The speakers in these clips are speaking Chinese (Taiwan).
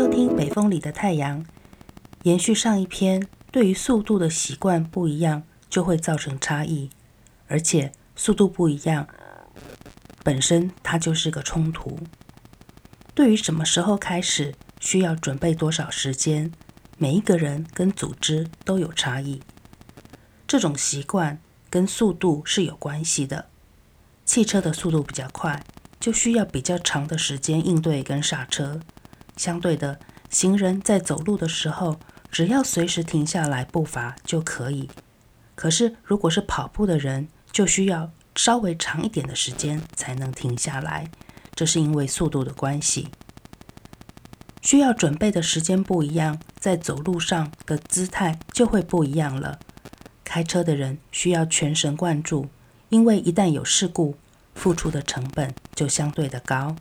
收聽北風裡的太陽。延續上一篇，對於速度的習慣不一樣，就會造成差異。而且速度不一樣，本身它就是個衝突。對於什麼時候開始，需要準備多少時間，每一個人跟組織都有差異。這種習慣跟速度是有關係的。汽車的速度比較快，就需要比較長的時間應對跟剎車。相對的，行人在走路的時候，只要隨時停下來步伐就可以。可是如果是跑步的人，就需要稍微長一點的時間才能停下來，這是因為速度的關係，需要準備的時間不一樣，在走路上的姿態就會不一樣了。開車的人需要全神貫注，因為一旦有事故，付出的成本就相對的高。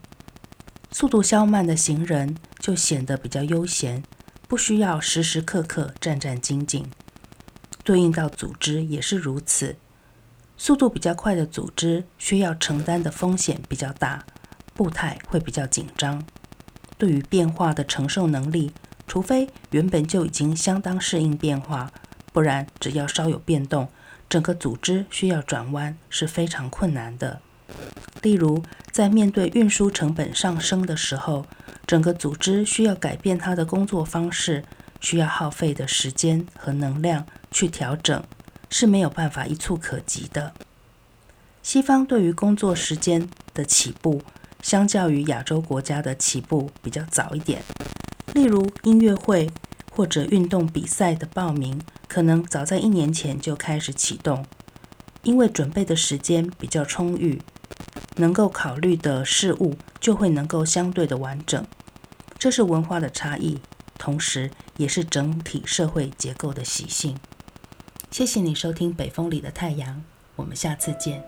速度稍慢的行人就顯得比較悠閒，不需要時時刻刻戰戰兢兢。對應到組織也是如此，速度比較快的組織需要承擔的風險比較大，步態會比較緊張。對於變化的承受能力，除非原本就已經相當適應變化，不然只要稍有變動，整個組織需要轉彎是非常困難的。例如，在面對運輸成本上升的時候，整個組織需要改變它的工作方式，需要耗費的時間和能量去調整，是沒有辦法一蹴可及的。西方對於工作時間的起步，相較於亞洲國家的起步比較早一點。例如，音樂會或者運動比賽的報名，可能早在一年前就開始啟動，因為準備的時間比較充裕。能夠考慮的事物，就會能夠相對的完整，這是文化的差異，同時也是整體社會結構的習性。謝謝你收聽《北風裡的太陽》，我們下次見。